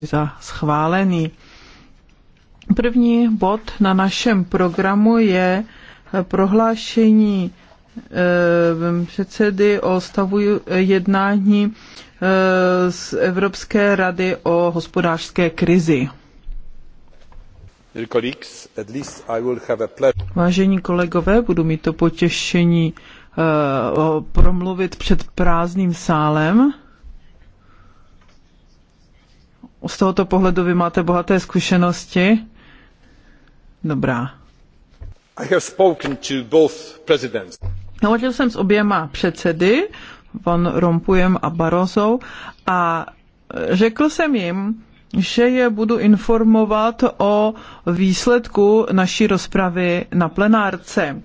za schválený. První bod na našem programu je eh, prohlášení eh, předsedy o stavu jednání eh, z Evropské rady o hospodářské krizi. Vážení kolegové, budu mít to potěšení promluvit před prázdným sálem z tohoto pohledu vy máte bohaté zkušenosti. Dobrá. I have spoken to both presidents. Hovořil jsem s oběma předsedy, von Rompujem a Barozou, a řekl jsem jim, že je budu informovat o výsledku naší rozpravy na plenárce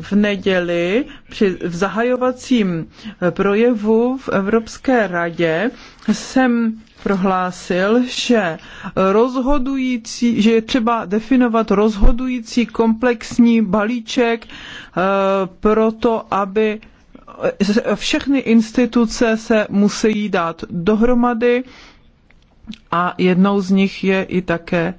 v neděli při v zahajovacím eh, projevu v Evropské radě jsem prohlásil, že rozhodující, že je třeba definovat rozhodující komplexní balíček e, proto, aby všechny instituce se musí dát dohromady a jednou z nich je i také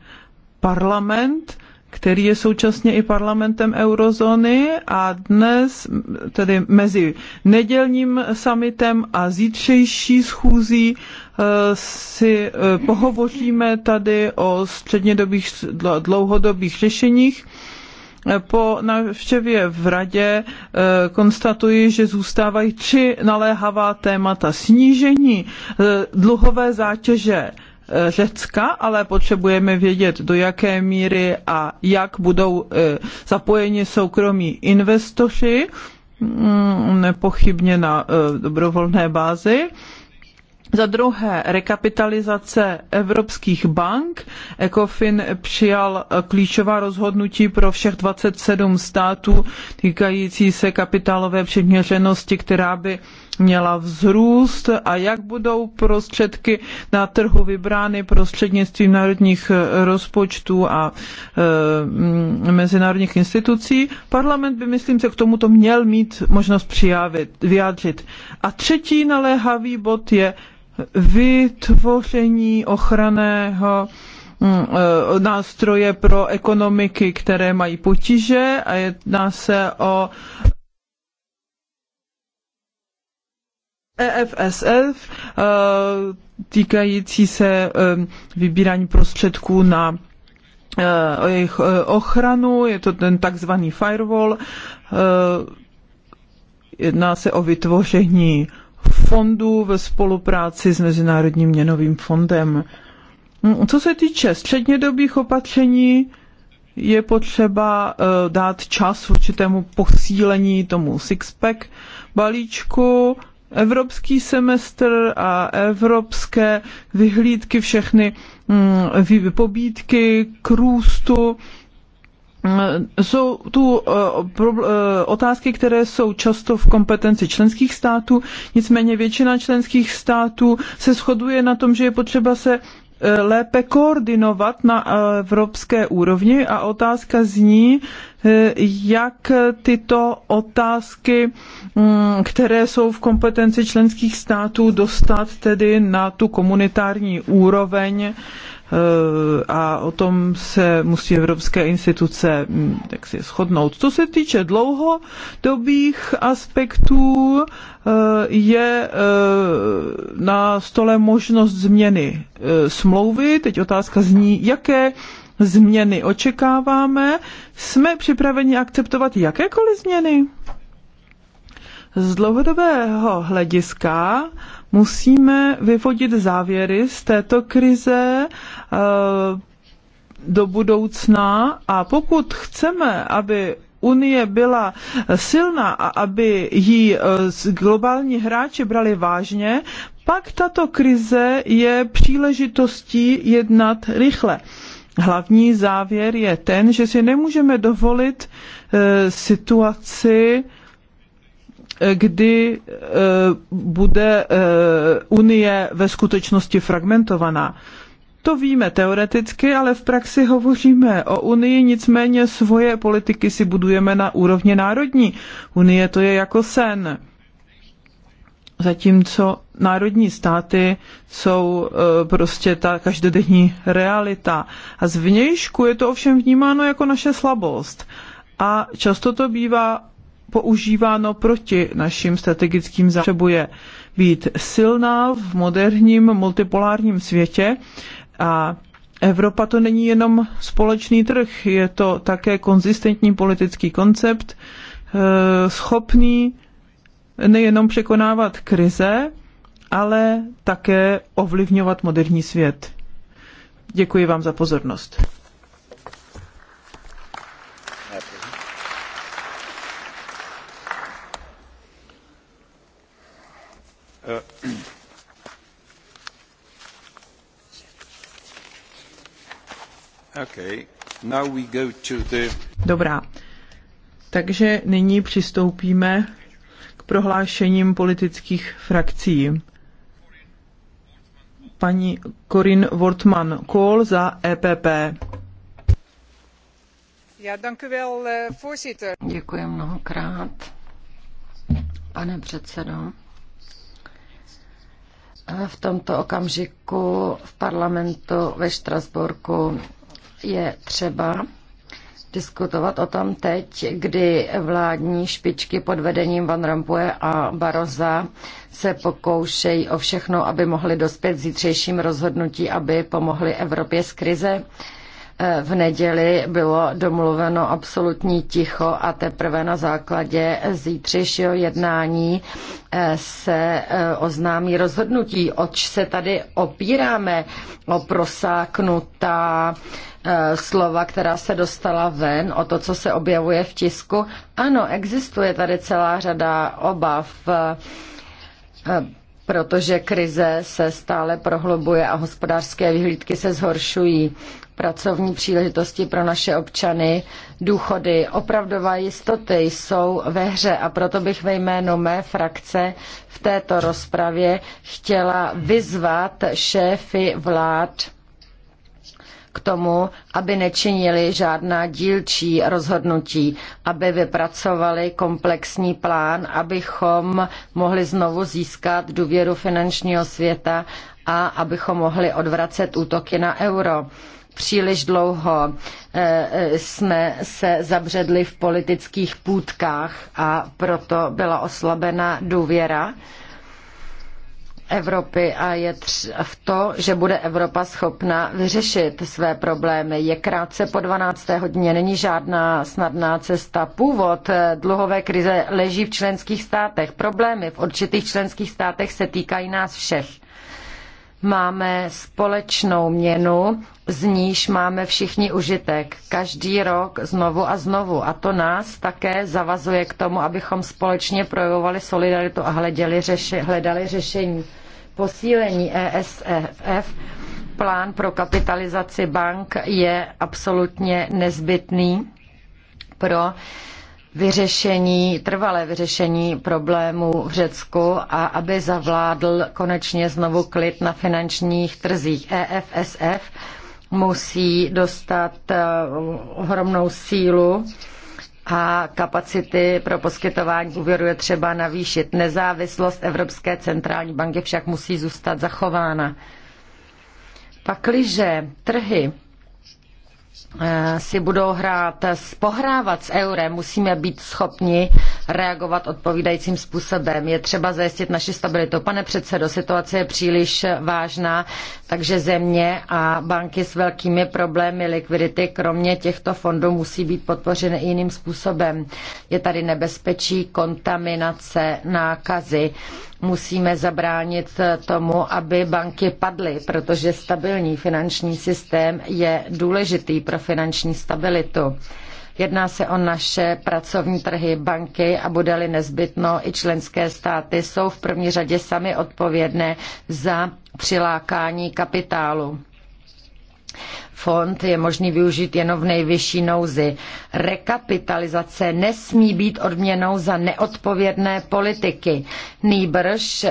parlament, který je současně i parlamentem eurozóny a dnes, tedy mezi nedělním summitem a zítřejší schůzí, eh, si eh, pohovoříme tady o střednědobých dlouhodobých řešeních. Eh, po návštěvě v radě konstatuji, že zůstávají tři naléhavá témata. Snížení dluhové zátěže Eh, Řecka, ale potřebujeme vědět, do jaké míry a jak budou eh, zapojeni soukromí investoři, mm, nepochybně na eh, dobrovolné bázi. Za druhé, rekapitalizace evropských bank. ECOFIN přijal klíčová rozhodnutí pro všech 27 států týkající se kapitálové přiměřenosti, která by měla vzrůst a jak budou prostředky na trhu vybrány prostřednictvím národních eh, rozpočtů a e, mezinárodních institucí. Parlament by, myslím, se k tomuto měl mít možnost přijavit, vyjádřit. A třetí naléhavý bod je vytvoření ochranného eh, nástroje pro ekonomiky, které mají potíže a jedná se o EFSF eh, týkající se eh, vybírání prostředků na eh, jejich ochranu, je to ten takzvaný firewall. Jedná se o vytvoření fondu ve spolupráci s Mezinárodním měnovým fondem. Mm, co se týče střednědobých opatření, je potřeba dát čas určitému posílení tomu six-pack balíčku, evropský semestr a evropské vyhlídky, všechny mm, pobídky k růstu. Mm, jsou tu eh, eh, otázky, které jsou často v kompetenci členských států, nicméně většina členských států se shoduje na tom, že je potřeba se Eh, lépe koordinovat na eh, evropské úrovni a otázka zní, eh, jak tyto otázky, mm, které jsou v kompetenci členských států, dostat tedy na tu komunitární úroveň Eh, a o tom se musí evropské instituce tak hm, si shodnout. Co se týče dlouhodobých aspektů, eh, je eh, na stole možnost změny smlouvy. Teď otázka zní, jaké změny očekáváme. Jsme připraveni akceptovat jakékoliv změny? Z dlouhodobého hlediska musíme vyvodit závěry z této krize eh, do budoucna a pokud chceme, aby Unie byla silná a aby ji eh, globální hráči brali vážně, pak tato krize je příležitostí jednat rychle. Hlavní závěr je ten, že si nemůžeme dovolit eh, situaci, Eh, kdy eh, bude eh, Unie ve skutečnosti fragmentovaná. To víme teoreticky, ale v praxi hovoříme o Unii, nicméně svoje politiky si budujeme na úrovni národní. Unie to je jako sen. Zatímco národní státy jsou prostě ta každodenní realita. A zvnějšku je to ovšem vnímáno jako naše slabost. A často to bývá používáno proti našim strategickým zájmům. je být silná v moderním multipolárním světě a Evropa to není jenom společný trh, je to také konzistentní politický koncept, eh, schopný nejenom překonávat krize, ale také ovlivňovat moderní svět. Děkuji vám za pozornost. Dobrá. Takže nyní přistoupíme k prohlášením politických frakcí. Paní Corin Wortman Kohl za EPP. Eh, Děkuji mnohokrát, pane předsedo. V tomto okamžiku v parlamentu ve Štrasburku je třeba diskutovat o tom teď, kdy vládní špičky pod vedením Van Rompuy a Baroza se pokoušejí o všechno, aby mohli dospět zítřejším rozhodnutí, aby pomohli Evropě z krize. V neděli bylo domluveno absolutní ticho a teprve na základě zítřejšího jednání eh, se eh, oznámí rozhodnutí, oč se tady opíráme o prosáknutá eh, slova, která se dostala ven, o to, co se objevuje v tisku. Ano, existuje tady celá řada obav protože krize se stále prohlubuje a hospodářské vyhlídky se zhoršují. Pracovní příležitosti pro naše občany, důchody, opravdová jistoty jsou ve hře a proto bych ve jménu mé frakce v této rozpravě chtěla vyzvat šéfy vlád k tomu, aby nečinili žádná dílčí rozhodnutí, aby vypracovali komplexní plán, abychom mohli znovu získat důvěru finančního světa a abychom mohli odvracet útoky na euro příliš dlouho eh, eh, jsme se zabředli v politických půdkách a proto byla oslabena důvěra Evropy a je v to, že bude Evropa schopna vyřešit své problémy. Je krátce po 12. hodině, není žádná snadná cesta. Původ dluhové krize leží v členských státech. Problémy v určitých členských státech se týkají nás všech máme společnou měnu, z níž máme všichni užitek. Každý rok znovu a znovu. A to nás také zavazuje k tomu, abychom společně projevovali solidaritu a řeši, hledali řešení. Posílení ESF, plán pro kapitalizaci bank je absolutně nezbytný pro vyřešení, trvalé vyřešení problémů v Řecku a aby zavládl konečně znovu klid na finančních trzích. EFSF musí dostat eh, ohromnou sílu a kapacity pro poskytování úvěru je třeba navýšit. Nezávislost Evropské centrální banky však musí zůstat zachována. Pakliže trhy Eh, si budou hrát pohrávat s eurem, musíme být schopni reagovat odpovídajícím způsobem. Je třeba zajistit naši stabilitu. Pane předsedo, situace je příliš vážná. Takže země a banky s velkými problémy likvidity, kromě těchto fondů, musí být podpořeny jiným způsobem. Je tady nebezpečí kontaminace, nákazy. Musíme zabránit tomu, aby banky padly, protože stabilní finanční systém je důležitý pro finanční stabilitu. Jedná se o naše pracovní trhy, banky a bude-li nezbytno, i členské státy jsou v první řadě sami odpovědné za přilákání kapitálu. Fond je možný využít jenom v nejvyšší nouzi. Rekapitalizace nesmí být odměnou za neodpovědné politiky. Nýbrž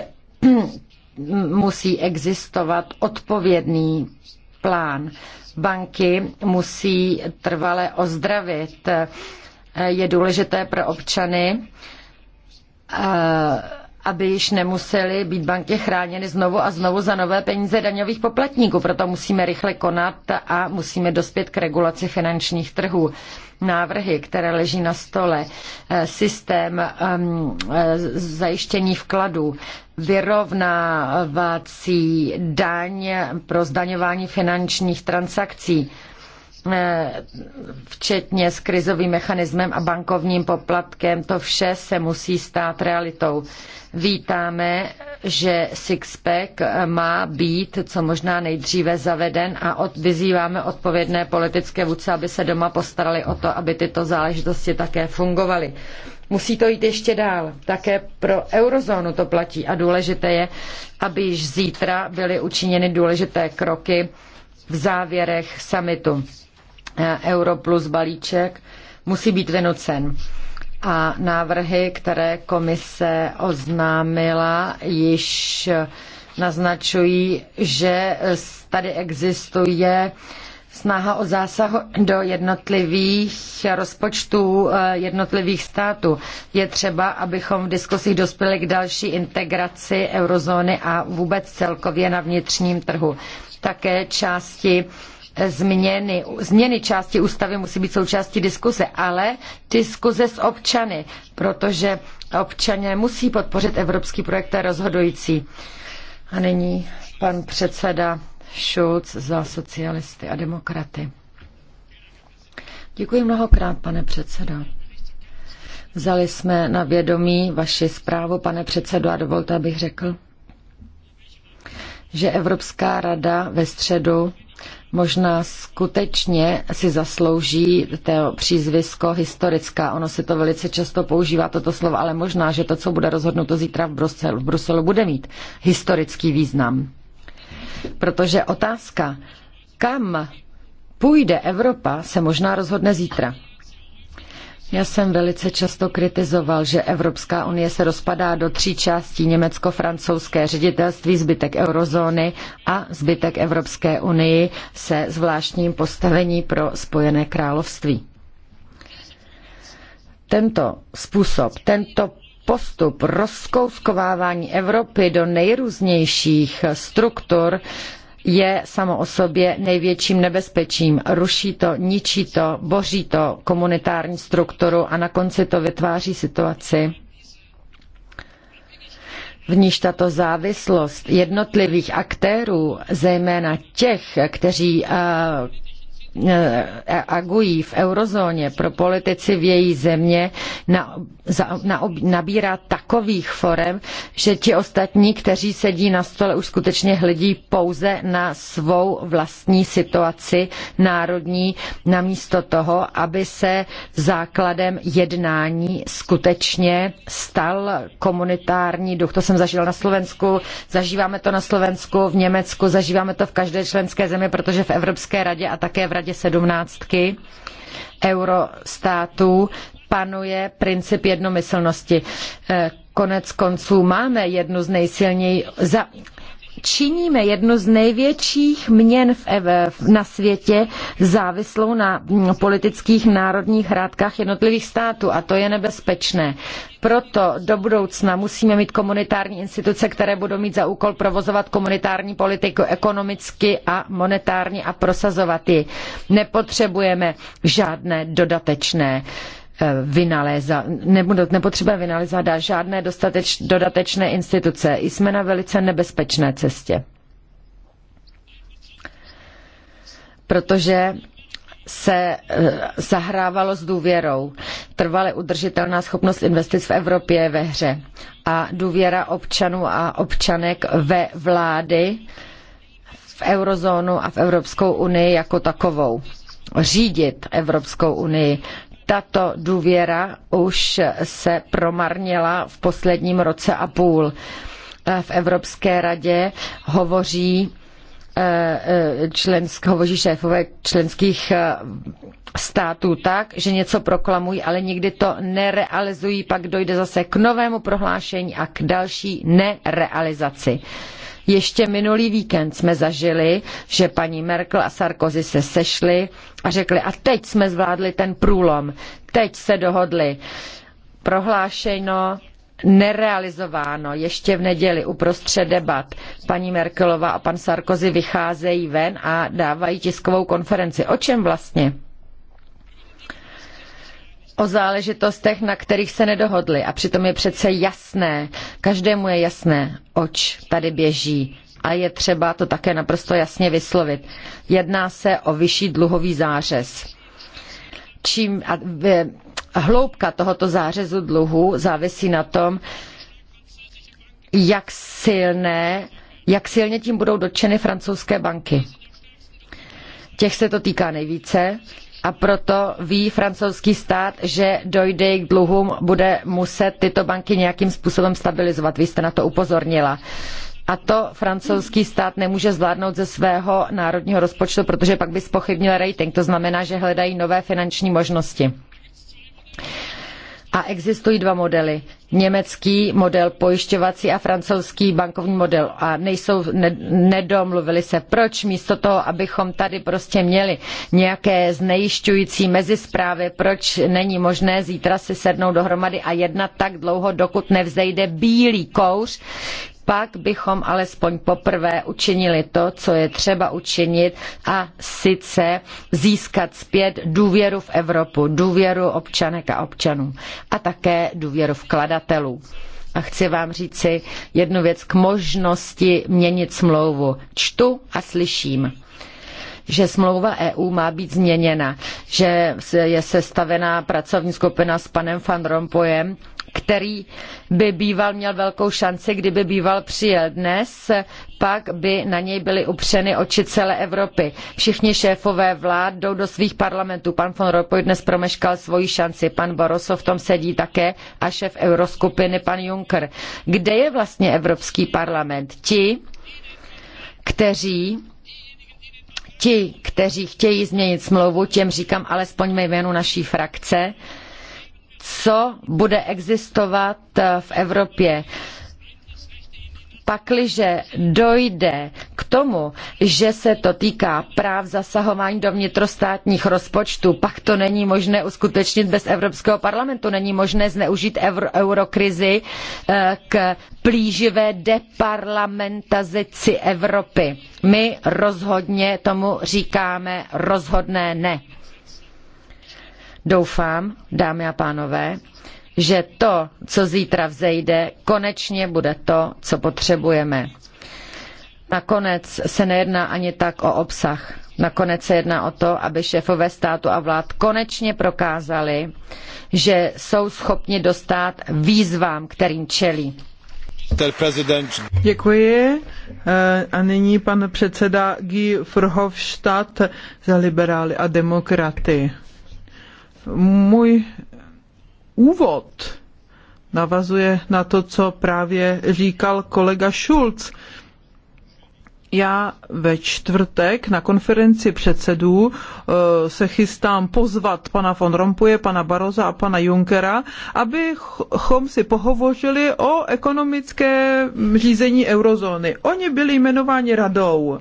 musí existovat odpovědný plán banky musí trvale ozdravit. Je důležité pro občany, eh, aby již nemuseli být banky chráněny znovu a znovu za nové peníze daňových poplatníků. Proto musíme rychle konat a musíme dospět k regulaci finančních trhů návrhy, které leží na stole, eh, systém ehm, eh, zajištění vkladů, vyrovnávací daň pro zdaňování finančních transakcí, Eh, včetně s krizovým mechanismem a bankovním poplatkem, to vše se musí stát realitou. Vítáme, že Sixpack eh, má být co možná nejdříve zaveden a od, vyzýváme odpovědné politické vůdce, aby se doma postarali o to, aby tyto záležitosti také fungovaly. Musí to jít ještě dál. Také pro eurozónu to platí a důležité je, aby již zítra byly učiněny důležité kroky v závěrech summitu Eh, Euro plus balíček musí být vynucen. A návrhy, které komise oznámila, již naznačují, že tady existuje snaha o zásah do jednotlivých rozpočtů eh, jednotlivých států. Je třeba, abychom v diskusích dospěli k další integraci eurozóny a vůbec celkově na vnitřním trhu. Také části změny, změny části ústavy musí být součástí diskuze, ale diskuze s občany, protože občané musí podpořit evropský projekt, to je rozhodující. A nyní pan předseda Schulz za socialisty a demokraty. Děkuji mnohokrát, pane předsedo. Vzali jsme na vědomí vaši zprávu, pane předsedo, a dovolte, abych řekl, že Evropská rada ve středu možná skutečně si zaslouží to přízvisko historická. Ono se to velice často používá, toto slovo, ale možná, že to, co bude rozhodnuto zítra v Bruselu, v Bruselu bude mít historický význam. Protože otázka, kam půjde Evropa, se možná rozhodne zítra. Já jsem velice často kritizoval, že Evropská unie se rozpadá do tří částí německo-francouzské ředitelství, zbytek eurozóny a zbytek Evropské unii se zvláštním postavení pro Spojené království. Tento způsob, tento postup rozkouskovávání Evropy do nejrůznějších struktur je samo o sobě největším nebezpečím. Ruší to, ničí to, boří to komunitární strukturu a na konci to vytváří situaci, v níž tato závislost jednotlivých aktérů, zejména těch, kteří eh, E, agují v eurozóně, pro politici v její země na, za, na, ob, nabírá takových forem, že ti ostatní, kteří sedí na stole, už skutečně hledí pouze na svou vlastní situaci národní, namísto toho, aby se základem jednání skutečně stal komunitární duch. To jsem zažil na Slovensku, zažíváme to na Slovensku, v Německu, zažíváme to v každé členské zemi, protože v Evropské radě a také v radě vládě sedmnáctky eurostátů panuje princip jednomyslnosti. Eh, konec konců máme jednu z nejsilnějších, za, činíme jednu z největších měn v EV, na světě závislou na mm, politických národních hrádkách jednotlivých států a to je nebezpečné. Proto do budoucna musíme mít komunitární instituce, které budou mít za úkol provozovat komunitární politiku ekonomicky a monetárně a prosazovat ji. Nepotřebujeme žádné dodatečné uh, Eh, vynalézat, nepotřebujeme vynalézat žádné dostateč, dodatečné instituce. Jsme na velice nebezpečné cestě. Protože se eh, zahrávalo s důvěrou. Trvale udržitelná schopnost investic v Evropě je ve hře. A důvěra občanů a občanek ve vlády v eurozónu a v Evropskou unii jako takovou. Řídit Evropskou unii tato důvěra už se promarnila v posledním roce a půl. V Evropské radě hovoří eh, eh, člensk, hovoří šéfové členských eh, států tak, že něco proklamují, ale nikdy to nerealizují, pak dojde zase k novému prohlášení a k další nerealizaci. Ještě minulý víkend jsme zažili, že paní Merkel a Sarkozy se sešli a řekli, a teď jsme zvládli ten průlom, teď se dohodli. Prohlášeno, nerealizováno ještě v neděli uprostřed debat. Paní Merkelová a pan Sarkozy vycházejí ven a dávají tiskovou konferenci. O čem vlastně? o záležitostech, na kterých se nedohodli. A přitom je přece jasné, každému je jasné, oč tady běží. A je třeba to také naprosto jasně vyslovit. Jedná se o vyšší dluhový zářez. Čím a, v, hloubka tohoto zářezu dluhu závisí na tom, jak silné, jak silně tím budou dotčeny francouzské banky. Těch se to týká nejvíce, a proto ví francouzský stát, že dojde k dluhům, bude muset tyto banky nějakým způsobem stabilizovat. Vy jste na to upozornila. A to francouzský stát nemůže zvládnout ze svého národního rozpočtu, protože pak by spochybnil rating. To znamená, že hledají nové finanční možnosti. A existují dva modely. Německý model pojišťovací a francouzský bankovní model. A nejsou, ne, nedomluvili se, proč místo toho, abychom tady prostě měli nějaké znejišťující mezisprávy, proč není možné zítra si sednout dohromady a jednat tak dlouho, dokud nevzejde bílý kouř, pak bychom alespoň poprvé učinili to, co je třeba učinit a sice získat zpět důvěru v Evropu, důvěru občanek a občanů a také důvěru vkladatelů. A chci vám říci jednu věc k možnosti měnit smlouvu. Čtu a slyším že smlouva EU má být změněna, že je sestavená pracovní skupina s panem Van Rompuyem, který by býval měl velkou šanci, kdyby býval přijel dnes, pak by na něj byly upřeny oči celé Evropy. Všichni šéfové vlád jdou do svých parlamentů. Pan von Rompuy dnes promeškal svoji šanci. Pan Barroso v tom sedí také a šéf euroskupiny pan Juncker. Kde je vlastně Evropský parlament? Ti, kteří ti, kteří chtějí změnit smlouvu, těm říkám alespoň ve jménu naší frakce, co bude existovat eh, v Evropě pakliže dojde k tomu, že se to týká práv zasahování do vnitrostátních rozpočtů, pak to není možné uskutečnit bez Evropského parlamentu. Není možné zneužít eurokrizi eh, k plíživé deparlamentazici Evropy. My rozhodně tomu říkáme rozhodné ne. Doufám, dámy a pánové, že to, co zítra vzejde, konečně bude to, co potřebujeme. Nakonec se nejedná ani tak o obsah. Nakonec se jedná o to, aby šéfové státu a vlád konečně prokázali, že jsou schopni dostat výzvám, kterým čelí. Děkuji. Eh, a nyní pan předseda Guy Verhofstadt za liberály a demokraty. Můj úvod navazuje na to, co právě říkal kolega Schulz. Já ve čtvrtek na konferenci předsedů eh, se chystám pozvat pana von Rompuje, pana Baroza a pana Junckera, abychom si pohovořili o ekonomické řízení eurozóny. Oni byli jmenováni radou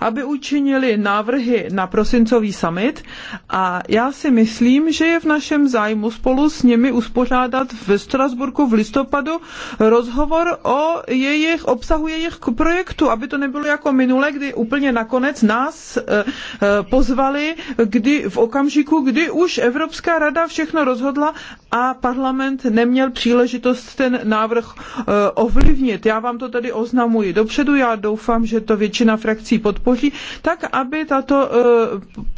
aby učinili návrhy na prosincový summit a já si myslím, že je v našem zájmu spolu s nimi uspořádat ve Strasburku v listopadu rozhovor o jejich obsahu jejich projektu, aby to nebylo jako minule, kdy úplně nakonec nás eh, eh, pozvali kdy, v okamžiku, kdy už Evropská rada všechno rozhodla a parlament neměl příležitost ten návrh eh, ovlivnit. Já vám to tady oznamuji dopředu, já doufám, že to většina frakcí podpoří zboží, tak aby tato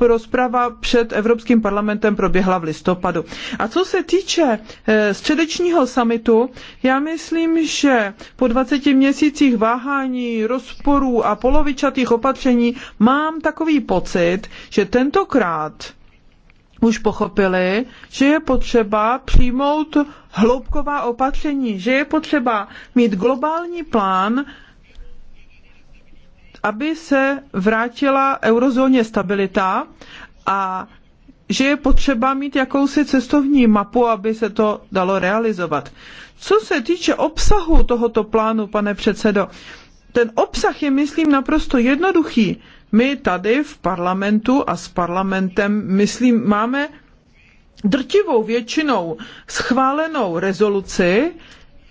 eh, rozprava před Evropským parlamentem proběhla v listopadu. A co se týče eh, středečního samitu, já myslím, že po 20 měsících váhání, rozporů a polovičatých opatření mám takový pocit, že tentokrát už pochopili, že je potřeba přijmout hloubková opatření, že je potřeba mít globální plán, aby se vrátila eurozóně stabilita a že je potřeba mít jakousi cestovní mapu, aby se to dalo realizovat. Co se týče obsahu tohoto plánu, pane předsedo, ten obsah je, myslím, naprosto jednoduchý. My tady v parlamentu a s parlamentem, myslím, máme drtivou většinou schválenou rezoluci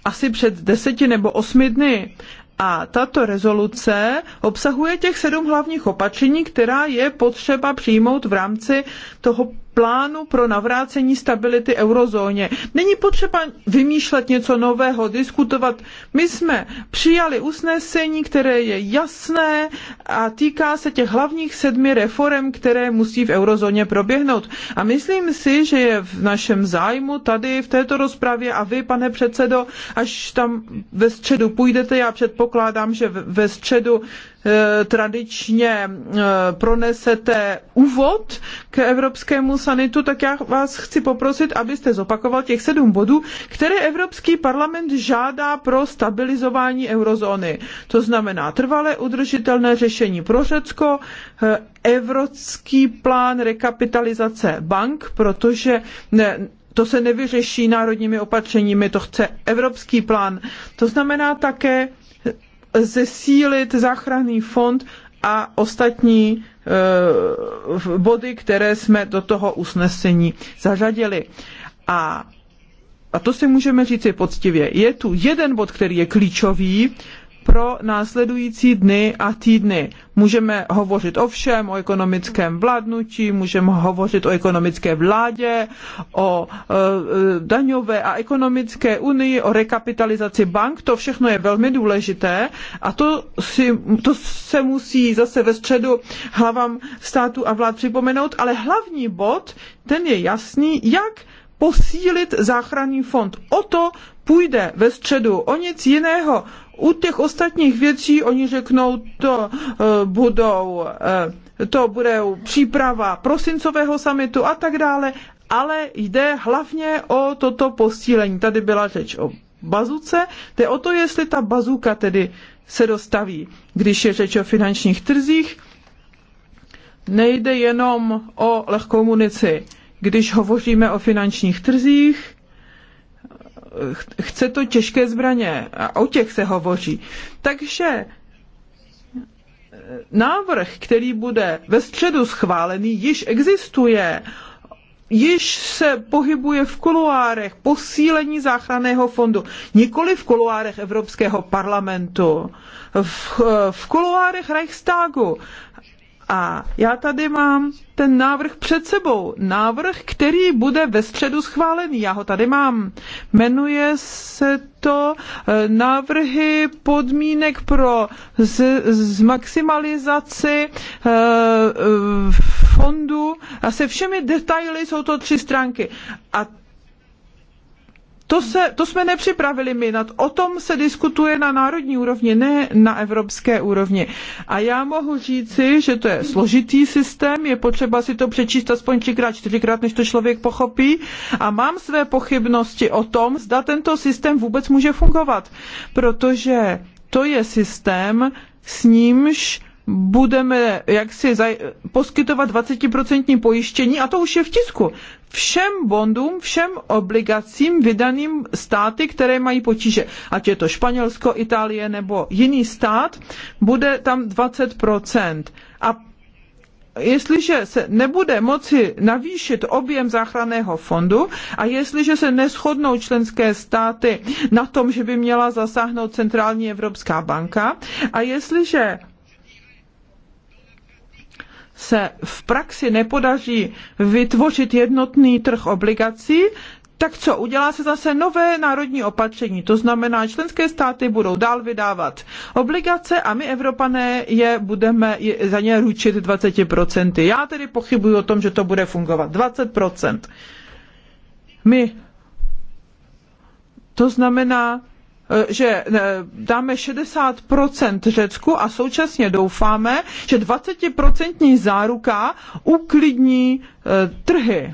asi před deseti nebo osmi dny. A tato rezoluce obsahuje těch sedm hlavních opatření, která je potřeba přijmout v rámci toho plánu pro navrácení stability eurozóně. Není potřeba vymýšlet něco nového, diskutovat. My jsme přijali usnesení, které je jasné a týká se těch hlavních sedmi reform, které musí v eurozóně proběhnout. A myslím si, že je v našem zájmu tady v této rozpravě a vy, pane předsedo, až tam ve středu půjdete, já předpokládám, že ve středu Eh, tradičně eh, pronesete úvod k evropskému sanitu, tak já vás chci poprosit, abyste zopakoval těch sedm bodů, které Evropský parlament žádá pro stabilizování eurozóny. To znamená trvalé udržitelné řešení pro Řecko, eh, evropský plán rekapitalizace bank, protože ne, to se nevyřeší národními opatřeními, to chce evropský plán. To znamená také zesílit záchranný fond a ostatní e, body, které jsme do toho usnesení zařadili. A, a to si můžeme říci poctivě. Je tu jeden bod, který je klíčový, pro následující dny a týdny. Můžeme hovořit o všem, o ekonomickém vládnutí, můžeme hovořit o ekonomické vládě, o e, e, daňové a ekonomické unii, o rekapitalizaci bank, to všechno je velmi důležité a to, si, to se musí zase ve středu hlavám státu a vlád připomenout, ale hlavní bod, ten je jasný, jak posílit záchranný fond. O to půjde ve středu o nic jiného. U těch ostatních věcí oni řeknou, to e, budou, e, to bude příprava prosincového samitu a tak dále, ale jde hlavně o toto posílení. Tady byla řeč o bazuce, jde o to, jestli ta bazuka tedy se dostaví, když je řeč o finančních trzích. Nejde jenom o lehkou munici. Když hovoříme o finančních trzích, chce to těžké zbraně a o těch se hovoří. Takže eh, návrh, který bude ve středu schválený, již existuje již se pohybuje v kuluárech posílení záchranného fondu, nikoli v kuluárech Evropského parlamentu, v, eh, v kuluárech Reichstagu. A já tady mám ten návrh před sebou. Návrh, který bude ve středu schválený. Já ho tady mám. Jmenuje se to eh, návrhy podmínek pro z, z maximalizaci eh, eh, fondu a se všemi detaily jsou to tři stránky. A to, se, to jsme nepřipravili my, nad, o tom se diskutuje na národní úrovni, ne na evropské úrovni. A já mohu říci, že to je složitý systém, je potřeba si to přečíst aspoň třikrát, čtyřikrát, než to člověk pochopí. A mám své pochybnosti o tom, zda tento systém vůbec může fungovat, protože to je systém, s nímž budeme jaksi poskytovat 20% pojištění a to už je v tisku všem bondům, všem obligacím vydaným státy, které mají potíže. Ať je to Španělsko, Itálie nebo jiný stát, bude tam 20%. A jestliže se nebude moci navýšit objem záchranného fondu a jestliže se neschodnou členské státy na tom, že by měla zasáhnout Centrální Evropská banka a jestliže se v praxi nepodaří vytvořit jednotný trh obligací, tak co, udělá se zase nové národní opatření, to znamená, členské státy budou dál vydávat obligace a my, Evropané, je budeme za ně ručit 20%. Já tedy pochybuji o tom, že to bude fungovat. 20%. My. To znamená, Eh, že eh, dáme 60% Řecku a současně doufáme, že 20% záruka uklidní eh, trhy.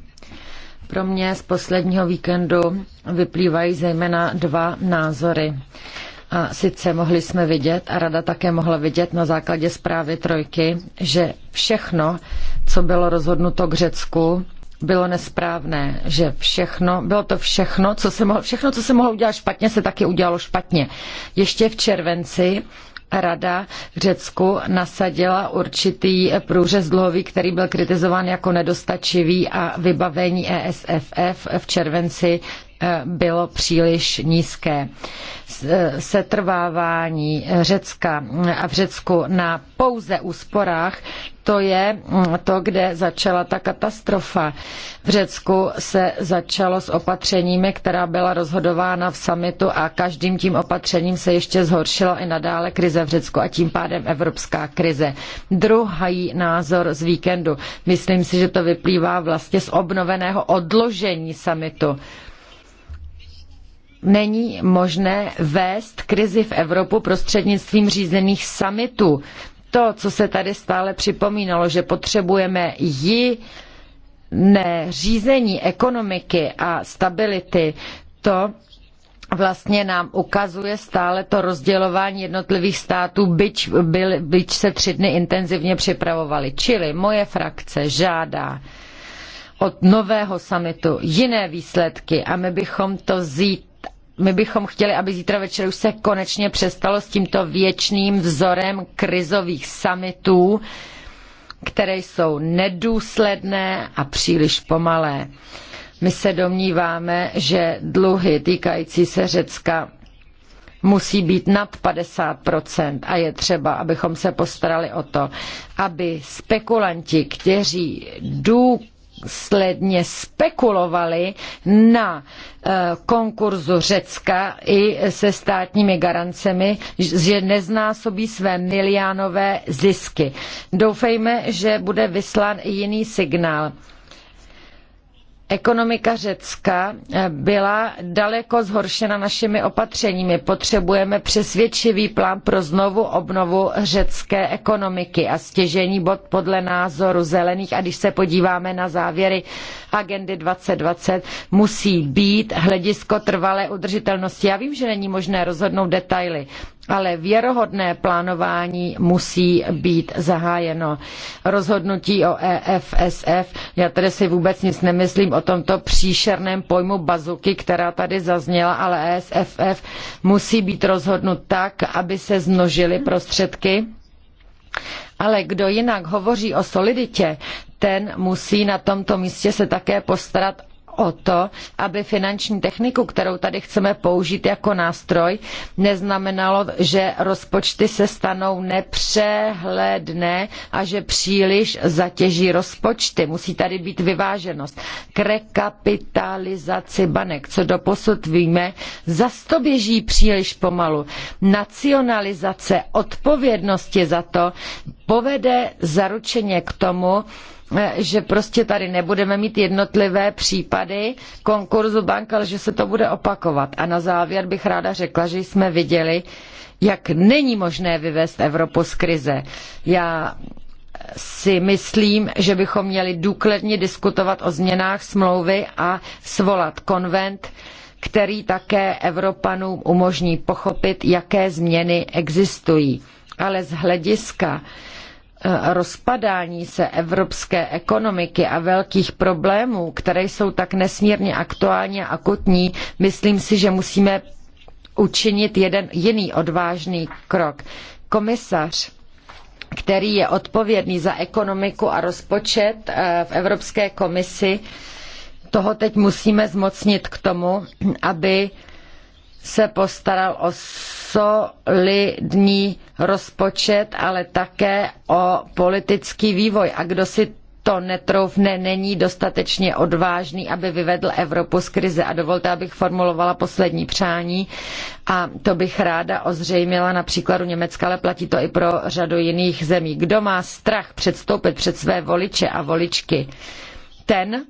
pro mě z posledního víkendu vyplývají zejména dva názory. A sice mohli jsme vidět, a rada také mohla vidět na základě zprávy trojky, že všechno, co bylo rozhodnuto k Řecku, bylo nesprávné, že všechno, bylo to všechno, co se mohlo, všechno, co se mohlo udělat špatně, se taky udělalo špatně. Ještě v červenci rada v Řecku nasadila určitý průřez dluhový, který byl kritizován jako nedostačivý a vybavení ESFF v červenci bylo příliš nízké. Eh, setrvávání Řecka a v Řecku na pouze úsporách, to je mm, to, kde začala ta katastrofa. V Řecku se začalo s opatřeními, která byla rozhodována v summitu a každým tím opatřením se ještě zhoršila i nadále krize v Řecku a tím pádem evropská krize. Druhý názor z víkendu. Myslím si, že to vyplývá vlastně z obnoveného odložení summitu není možné vést krizi v Evropu prostřednictvím řízených summitů. To, co se tady stále připomínalo, že potřebujeme ji ne řízení ekonomiky a stability, to vlastně nám ukazuje stále to rozdělování jednotlivých států, byť, byl, byť se tři dny intenzivně připravovali. Čili moje frakce žádá od nového samitu jiné výsledky a my bychom to zítra my bychom chtěli, aby zítra večer už se konečně přestalo s tímto věčným vzorem krizových summitů, které jsou nedůsledné a příliš pomalé. My se domníváme, že dluhy týkající se Řecka musí být nad 50% a je třeba, abychom se postarali o to, aby spekulanti, kteří důkladně následně spekulovali na eh, konkurzu Řecka i se státními garancemi, že neznásobí své milionové zisky. Doufejme, že bude vyslán i jiný signál Ekonomika Řecka eh, byla daleko zhoršena našimi opatřeními. Potřebujeme přesvědčivý plán pro znovu obnovu řecké ekonomiky a stěžení bod podle názoru zelených. A když se podíváme na závěry agendy 2020, musí být hledisko trvalé udržitelnosti. Já vím, že není možné rozhodnout detaily, ale věrohodné plánování musí být zahájeno. Rozhodnutí o EFSF, já tedy si vůbec nic nemyslím o tomto příšerném pojmu bazuky, která tady zazněla, ale ESFF musí být rozhodnut tak, aby se zmnožily prostředky ale kdo jinak hovoří o soliditě, ten musí na tomto místě se také postarat o to, aby finanční techniku, kterou tady chceme použít jako nástroj, neznamenalo, že rozpočty se stanou nepřehledné a že příliš zatěží rozpočty. Musí tady být vyváženost. K rekapitalizaci banek, co doposud víme, zas to běží příliš pomalu. Nacionalizace odpovědnosti za to povede zaručeně k tomu, Eh, že prostě tady nebudeme mít jednotlivé případy konkurzu bank, ale že se to bude opakovat. A na závěr bych ráda řekla, že jsme viděli, jak není možné vyvést Evropu z krize. Já si myslím, že bychom měli důkladně diskutovat o změnách smlouvy a svolat konvent, který také Evropanům umožní pochopit, jaké změny existují. Ale z hlediska uh, Eh, rozpadání se evropské ekonomiky a velkých problémů, které jsou tak nesmírně aktuální a akutní, myslím si, že musíme učinit jeden jiný odvážný krok. Komisař který je odpovědný za ekonomiku a rozpočet eh, v Evropské komisi, toho teď musíme zmocnit k tomu, aby se postaral o solidní rozpočet, ale také o politický vývoj. A kdo si to netroufne, není dostatečně odvážný, aby vyvedl Evropu z krize. A dovolte, abych formulovala poslední přání a to bych ráda ozřejmila na příkladu Německa, ale platí to i pro řadu jiných zemí. Kdo má strach předstoupit před své voliče a voličky, ten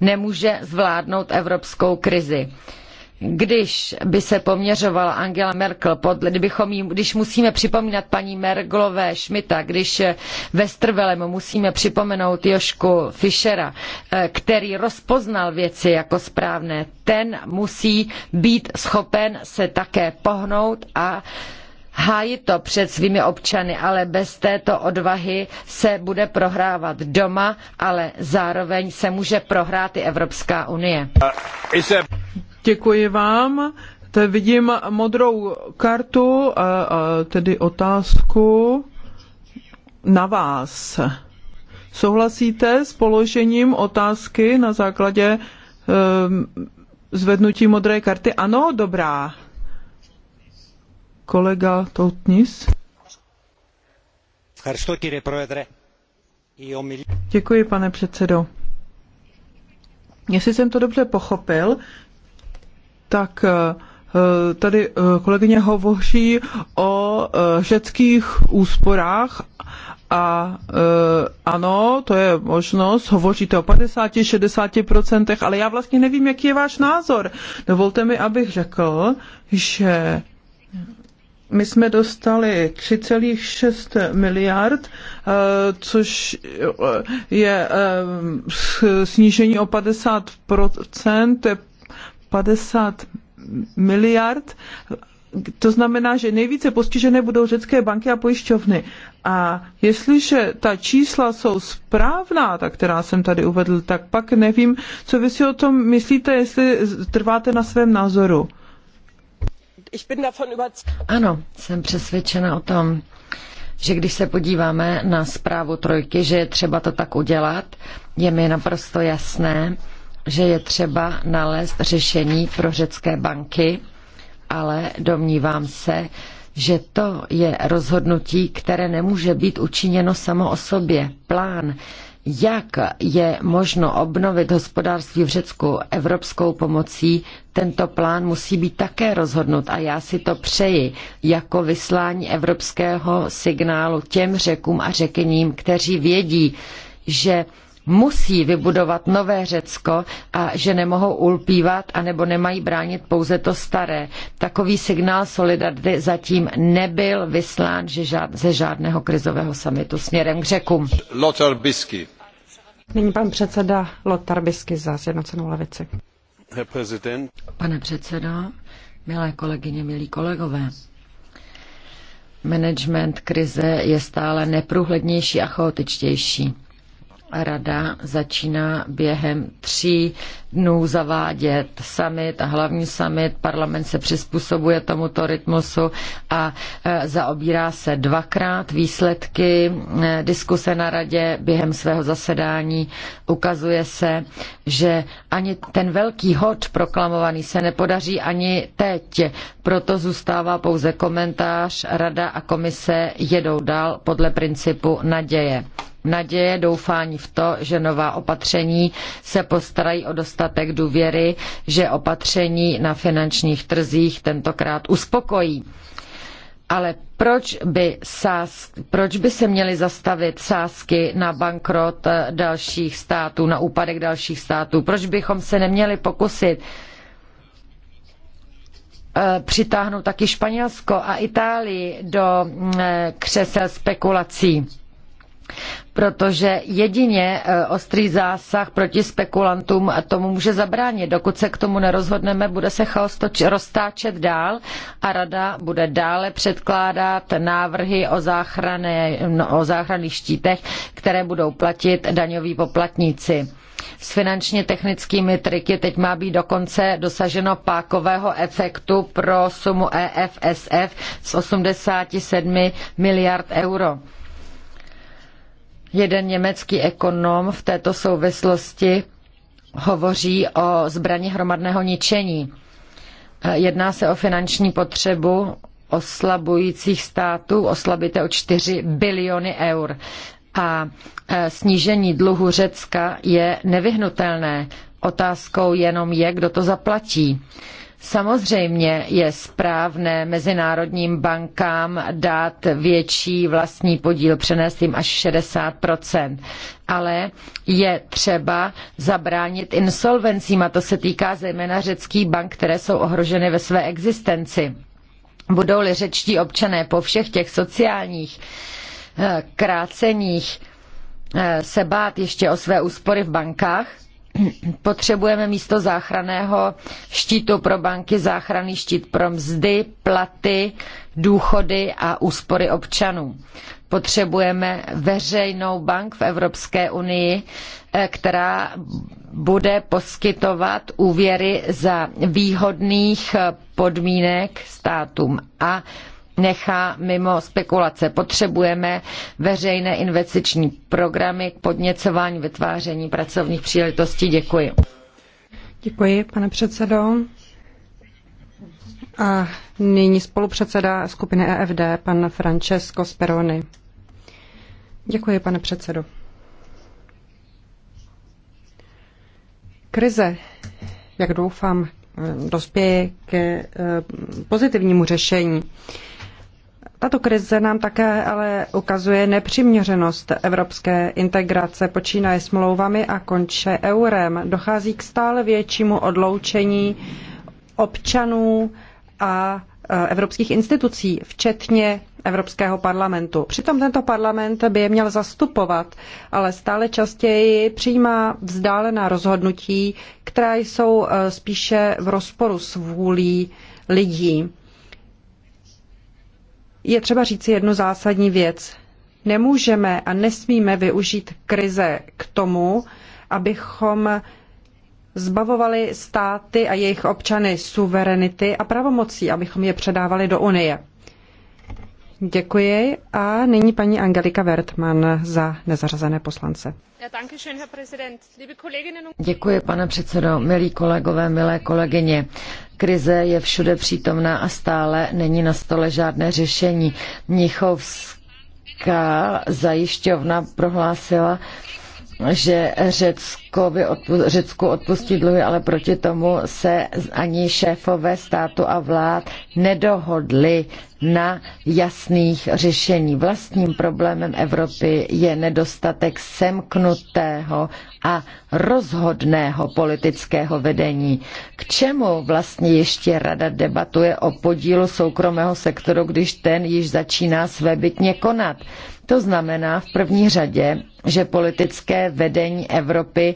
nemůže zvládnout evropskou krizi když by se poměřovala Angela Merkel, podle, kdybychom jí, když musíme připomínat paní Merglové Šmita, když Westervelem eh, musíme připomenout Jošku Fischera, eh, který rozpoznal věci jako správné, ten musí být schopen se také pohnout a hájit to před svými občany, ale bez této odvahy se bude prohrávat doma, ale zároveň se může prohrát i Evropská unie. Děkuji vám. Teď vidím modrou kartu, a, eh, a eh, tedy otázku na vás. Souhlasíte s položením otázky na základě um, zvednutí modré karty? Ano, dobrá. Kolega Toutnis. Děkuji, pane předsedo. Jestli jsem to dobře pochopil, tak eh, eh, tady eh, kolegyně hovoří o řeckých úsporách a ano, to je možnost, hovoříte o 50-60%, ale já vlastně nevím, jaký je váš názor. Dovolte mi, abych řekl, že my jsme dostali 3,6 miliard, což je snížení o 50%, to je 50 miliard. To znamená, že nejvíce postižené budou řecké banky a pojišťovny. A jestliže ta čísla jsou správná, ta, která jsem tady uvedl, tak pak nevím, co vy si o tom myslíte, jestli trváte na svém názoru. Ano, jsem přesvědčena o tom, že když se podíváme na zprávu trojky, že je třeba to tak udělat, je mi naprosto jasné, že je třeba nalézt řešení pro řecké banky, ale domnívám se, že to je rozhodnutí, které nemůže být učiněno samo o sobě. Plán, jak je možno obnovit hospodářství v Řecku evropskou pomocí, tento plán musí být také rozhodnut a já si to přeji jako vyslání evropského signálu těm řekům a řekyním, kteří vědí, že musí vybudovat nové Řecko a že nemohou ulpívat anebo nemají bránit pouze to staré. Takový signál solidarity zatím nebyl vyslán že žád, ze žádného krizového samitu směrem k Řekům. Lothar Bisky. Nyní pan předseda Lothar Bisky za Sjednocenou levici. Pane předsedo, milé kolegyně, milí kolegové, management krize je stále neprůhlednější a chaotičtější. Rada začíná během tří dnů zavádět summit a hlavní summit. Parlament se přizpůsobuje tomuto rytmusu a e, zaobírá se dvakrát výsledky e, diskuse na radě během svého zasedání. Ukazuje se, že ani ten velký hod proklamovaný se nepodaří ani teď. Proto zůstává pouze komentář. Rada a komise jedou dál podle principu naděje naděje, doufání v to, že nová opatření se postarají o dostatek důvěry, že opatření na finančních trzích tentokrát uspokojí. Ale proč by, sás, proč by se měly zastavit sázky na bankrot eh, dalších států, na úpadek dalších států? Proč bychom se neměli pokusit eh, přitáhnout taky Španělsko a Itálii do mm, eh, křesel spekulací? protože jedině e, ostrý zásah proti spekulantům tomu může zabránit. Dokud se k tomu nerozhodneme, bude se chaos roztáčet dál a rada bude dále předkládat návrhy o, záchrany, no, o záchranných štítech, které budou platit daňoví poplatníci s finančně technickými triky teď má být dokonce dosaženo pákového efektu pro sumu EFSF z 87 miliard euro. Jeden německý ekonom v této souvislosti hovoří o zbraní hromadného ničení. Jedná se o finanční potřebu oslabujících států, oslabíte o 4 biliony eur. A e, snížení dluhu Řecka je nevyhnutelné. Otázkou jenom je, kdo to zaplatí. Samozřejmě je správné mezinárodním bankám dát větší vlastní podíl, přenést jim až 60 ale je třeba zabránit insolvencím a to se týká zejména řeckých bank, které jsou ohroženy ve své existenci. Budou-li řečtí občané po všech těch sociálních eh, kráceních eh, se bát ještě o své úspory v bankách, Potřebujeme místo záchraného štítu pro banky záchranný štít pro mzdy, platy, důchody a úspory občanů. Potřebujeme veřejnou bank v Evropské unii, eh, která bude poskytovat úvěry za výhodných eh, podmínek státům a nechá mimo spekulace. Potřebujeme veřejné investiční programy k podněcování vytváření pracovních příležitostí. Děkuji. Děkuji, pane předsedo. A nyní spolupředseda skupiny EFD, pan Francesco Speroni. Děkuji, pane předsedo. Krize, jak doufám, eh, dospěje k eh, pozitivnímu řešení. Tato krize nám také ale ukazuje nepřiměřenost evropské integrace. Počínaje smlouvami a konče eurem. Dochází k stále většímu odloučení občanů a e, evropských institucí, včetně Evropského parlamentu. Přitom tento parlament by je měl zastupovat, ale stále častěji přijímá vzdálená rozhodnutí, která jsou e, spíše v rozporu s vůlí lidí je třeba říci jednu zásadní věc. Nemůžeme a nesmíme využít krize k tomu, abychom zbavovali státy a jejich občany suverenity a pravomocí, abychom je předávali do Unie. Děkuji a nyní paní Angelika Wertmann za nezařazené poslance. Děkuji, pane předsedo, milí kolegové, milé kolegyně. Krize je všude přítomná a stále není na stole žádné řešení. Mnichovská zajišťovna prohlásila, že Řecko by odpu- Řecku odpustí dluhy, ale proti tomu se ani šéfové státu a vlád nedohodli na jasných řešení. Vlastním problémem Evropy je nedostatek semknutého a rozhodného politického vedení. K čemu vlastně ještě rada debatuje o podílu soukromého sektoru, když ten již začíná svébytně konat? To znamená v první řadě že politické vedení Evropy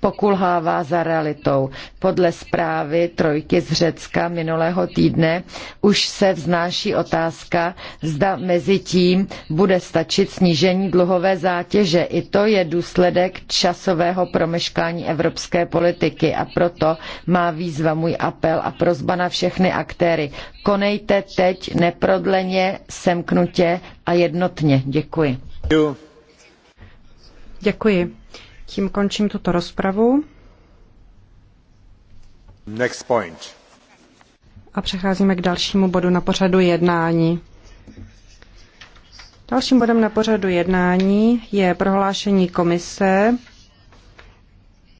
pokulhává za realitou. Podle zprávy Trojky z Řecka minulého týdne už se vznáší otázka, zda mezi tím bude stačit snížení dluhové zátěže. I to je důsledek časového promeškání evropské politiky a proto má výzva můj apel a prozba na všechny aktéry. Konejte teď neprodleně, semknutě a jednotně. Děkuji. Děkuji. Děkuji. Tím končím tuto rozpravu. Next point. A přecházíme k dalšímu bodu na pořadu jednání. Dalším bodem na pořadu jednání je prohlášení komise